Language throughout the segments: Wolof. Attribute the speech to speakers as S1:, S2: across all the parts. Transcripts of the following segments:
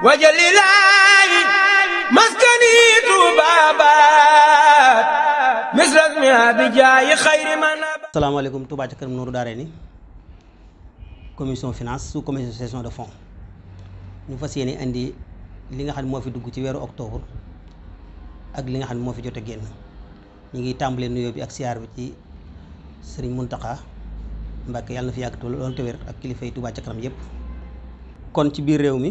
S1: wajalilaayi maskani Tuubaa baat
S2: misras mi abijaayi xayri man
S1: asalaamaaleykum Touba ca kanam nooru daare ni commission finance sous commission gestion de fonds ñu fas yéene indi li nga xam ne moo fi dugg ci weeru octobre ak li nga xam ne moo fi jot génn ñu ngi tàmbalee nuyoo bi ak siyaar bi ci sëriñ Muntaxa Mbàkke yàlla na fi yàgg lool ak kilifay Touba ca kanam yépp kon ci biir réew mi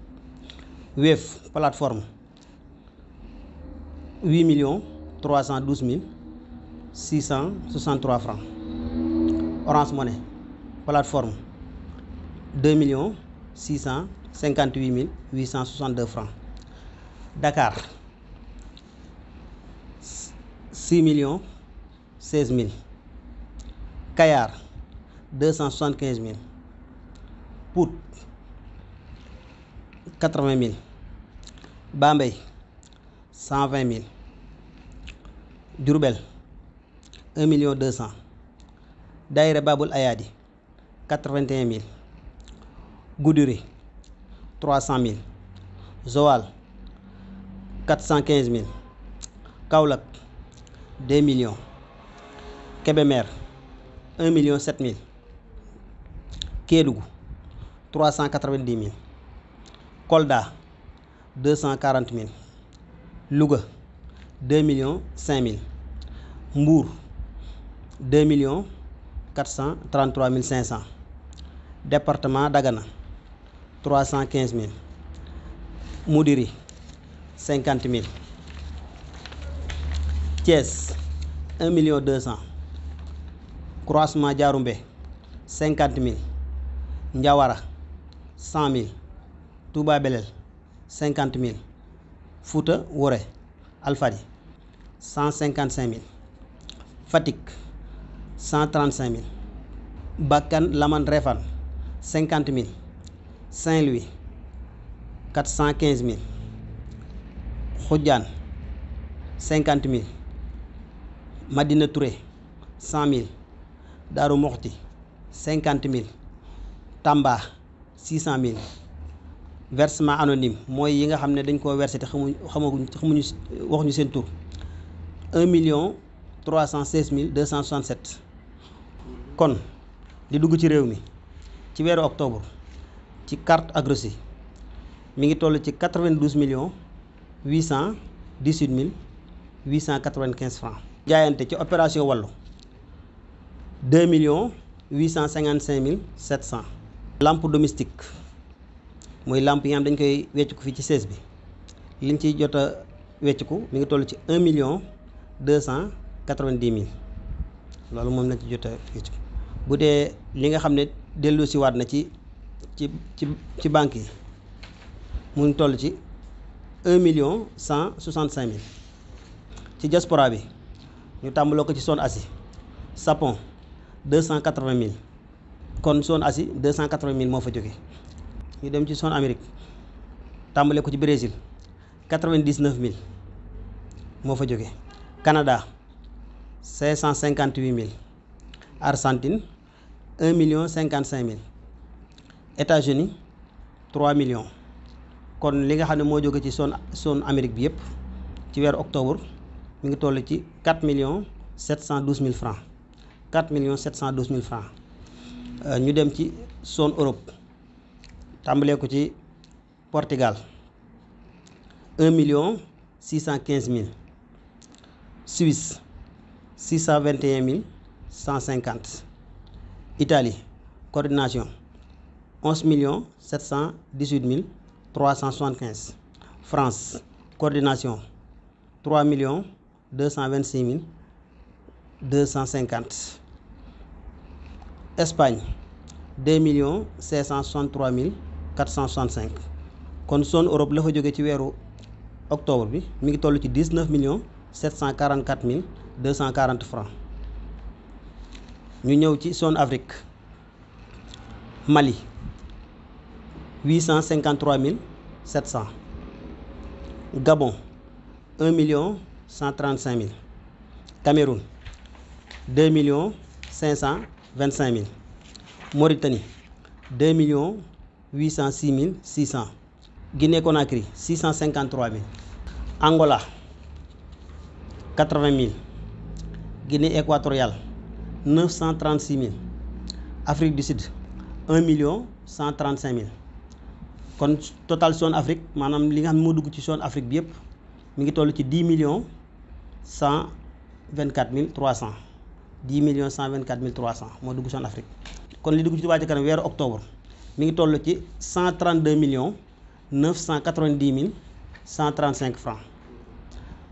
S1: Wave plateforme huit millions trois cent douze mille six cent soixante trois francs Orange Money plateforme deux million six cent cinquante huit mille huit cent soixante deux francs Dakar six million seize mille Kayar deux cent soixante quinze mille Pout quatre-vingt mille Bambey cent vingt mille Diourbel un million deux cent Daayira Babul Ayaadi quatre-vingt et mille Goudiri trois cent mille Joal quatre cent quinze mille Kaolack deux million Kébémer un million sept mille Kédougou trois cent quatre-vingt-dix mille Kolda deux cent quarante mille Louga deux millions cinq mille Mbour deux millions quatre cent trente mille cinq cent département Dagana trois cent quinze mille Moudiri cinquante mille Thiès un million deux cent croisement Diaroumbé cinquante mille Ndiawara Touba cinquante mille Fouta wore Alfadi cent cinquante cinq mille Fatick cent trente cinq mille Bakkan Laman Refan cinquante mille cinq louis quatre cent quinze mille Khoudiane cinquante mille Madina Touré cent mille Darou moxti cinquante mille Tamba six cent mille versement anonime mooy yi nga xam ne dañ koo versé te xamuñ xamaguñ xamuñu waxuñu seen tur un million trois cent seize mille deux cent soixante sept kon li dugg ci réew mi ci weeru octobre ci carte Agrossi mu ngi toll ci quatre vingt douze millions huit cent dix huit mille huit cent quatre vingt quinze francs jaayante ci opération wàllu deux millions huit cent cinquante cinq mille sept cent lampe domestique muy làmp yi dañ koy wecciku fii ci sees bi li liñ ciy jot a wecciku mi ngi toll ci un million deux cent quatre-vingt-dix mille loolu moom lañ ci jot a wecciku bu dee li nga xam ne dellu si waat na ci ci ci ci banque yi mu ngi toll ci un million cent soixante-cinq mille ci diaspora bi ñu tàmbaloo ko ci zone Asie Japon deux cent quatre-vingt mille kon zone Asie deux cent quatre-vingt mille moo fa jóge ñu dem ci zone Amérique tàmbale ko ci Brésil quatre vingt dix mille moo fa jóge kanada cinq cent cinquante-huit mille Argentine un million cinquante-cinq mille États-Unis trois millions kon li nga xam ne moo jóge ci zone zone Amérique bi yëpp ci weer octobre mu ngi toll ci quatre millions sept cent douze mille francs quatre millions sept cent douze mille francs euh, ñu dem ci zone Europe tàmbalee ko ci Portugal un million six cent quinze mille Suisse six cent vingt et un cent cinquante Italie coordination onze million sept cent dix-huit mille trois cent soixante-quinze France coordination trois million deux cent vingt-six mille deux cent cinquante Espagne deux million cinq cent soixante-trois mille 465 kon zone Europe la fa jóge ci weeru octobre bi mi ngi toll ci 19 millions 744 mille 240 francs ñu ñëw ci zone Afrique Mali 853 mille cent Gabon 1 million 135 mille Cameroun 2 millions 525 mille Mauritanie 2 cent 806 mille 600 Guinée Conakry 653 mille Angola 80 mille cent équatoriale 936 mille Afrique du Sud 1 million 135 mille kon total zone Afrique maanaam li nga xam ne moo dugg ci son Afrique bi yëpp mi ngi toll ci 10 millions 124 mille 300 10 millions 124 mille 300 moo dugg zone Afrique kon li dugg ci Touba ca kanam weeru octobre. mi ngi toll ci 132 millions 990 mille 135 francs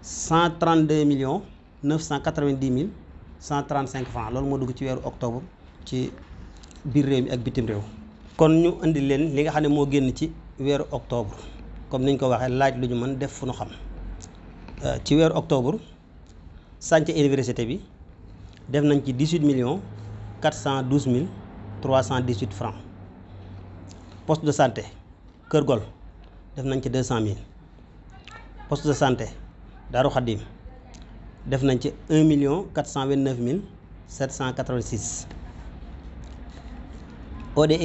S1: 132 millions 990 mille 135 francs loolu moo dugg ci weeru octobre ci biir réew mi ak bitim réew. kon ñu indi leen li nga xam ne moo génn ci weeru octobre comme niñ ko waxee laaj lu ñu mën def fu nu xam euh, ci weeru octobre sànc université bi def nañ ci million 18 millions 412 mille 318 francs. poste de santé Kër Gol def nañ ci deux cent mille poste de santé Daaru Xaddim def nañ ci un million quatre cent vingt neuf mille sept cent quatre vingt six ODY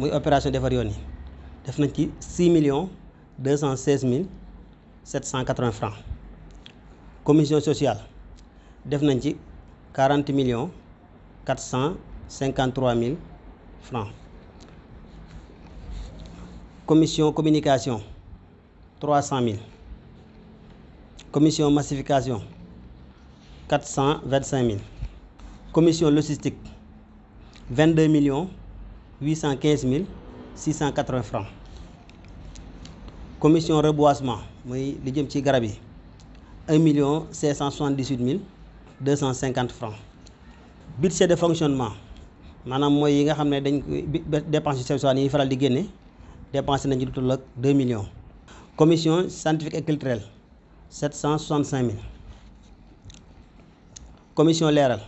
S1: muy opération defar yoon yi def nañ ci six millions deux cent seize mille sept cent quatre vingt francs commission sociale def nañ ci quarante millions quatre cent cinquante trois mille francs commission communication trois cent mille commission massification quatre cent vingt cinq mille commission logistique vingt deux millions huit cent quinze mille six cent quatre vingt francs commission reboisement muy li jëm ci garab yi un million cinq cent soixante dix huit mille deux cent cinquante francs budget de fonctionnement maanaam mooy yi nga xam ne dañ koy dépense yu yi faral di génne dépensé nañ ci lu toll ak 2 millions. commission scientifique et culturelle 765 mille commission leeral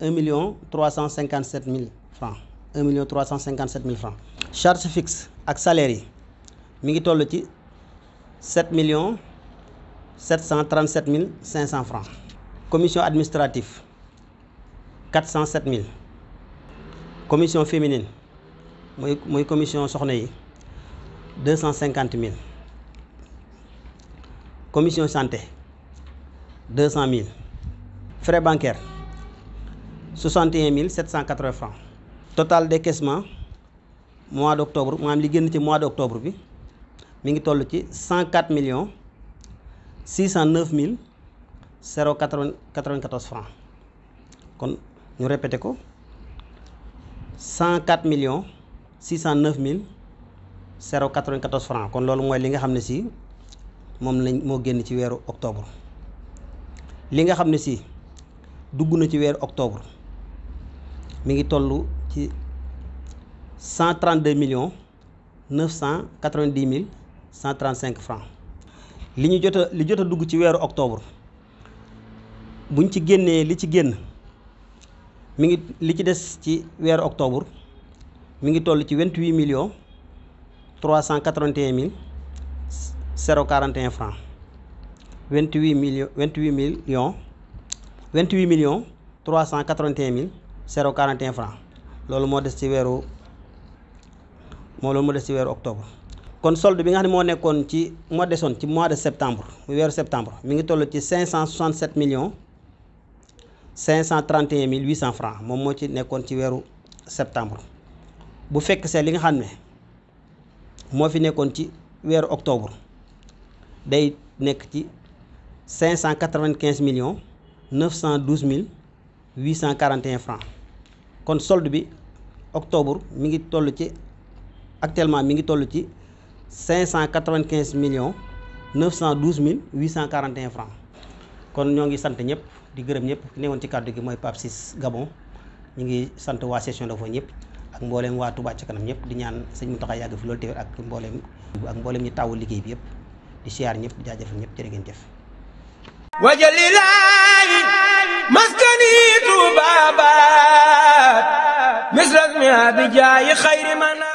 S1: 1 million 357 mille francs cent million 357 mil francs charge fixe ak salaire yi mi ngi toll ci 7 millions 737 mille cent francs commission cent 407 mille commission féminine mooy mooy commission soxna yi deux cent cinquante mille commission santé deux cent mille frais bancaires soixante un mille sept cent quatre-vingts francs total décaissement mois d' octobre maanaam li génn ci mois d' octobre bi mi ngi toll ci cent quatre millions six cent neuf mille zéro quatre-vingt-quatorze francs kon ñu répété ko cent quatre millions six cent neuf mille 0,94 francs kon loolu mooy li nga xam ne si moom lañ moo génn ci weeru octobre li nga xam ne si dugg na ci weeru octobre mi ngi tollu ci million millions 990 mille 135 francs li ñu jot a li jot a dugg ci weeru octobre buñ ci génnee li ci génn mi ngi li ci des ci weeru octobre mi ngi toll ci 28 millions. trois cent quatre vingt et un mille zéro quarante et un francs vingt huit millions vingt yon millions vingt huit millions trois cent quatre vingt et un mille zéro quarante et francs loolu moo des ci weeru moo loolu moo des ci weeru octobre. kon solde bi nga xam ne moo nekkoon ci moo desoon ci mois de septembre mu weeru septembre mi ngi toll ci cinq cent soixante sept millions cinq cent trente et un mille huit cent francs moom moo ci nekkoon ci weeru septembre bu fekk see li nga xam ne. moo fi nekkoon ci weeru octobre day nekk ci cinq cent quatre-vingt-quinze millions neuf cent douze mille huit cent quarante et kon solde bi octobre mi ngi toll ci actuellement mi ngi toll ci cinq cent quatre-vingt-quinze millions cent douze mille huit cent quarante et kon ñoo ngi sant ñëpp di gërëm ñëpp ki newoon ci kàddu gi mooy Pape Ciss Gabon ñu ngi sant waa session de fo ñëpp ak mbooleem waa Touba ca kanam ñëpp di ñaan sëñ Mountakha yàgg fi loolu téwér ak mbooleem ak mbooleem ñi tàwul liggéey bi yëpp di siyaar ñëpp di jaajëfal ñëpp jërë ngeen jëf wajalilaahi maskani Touba baat misras mi abi xayri man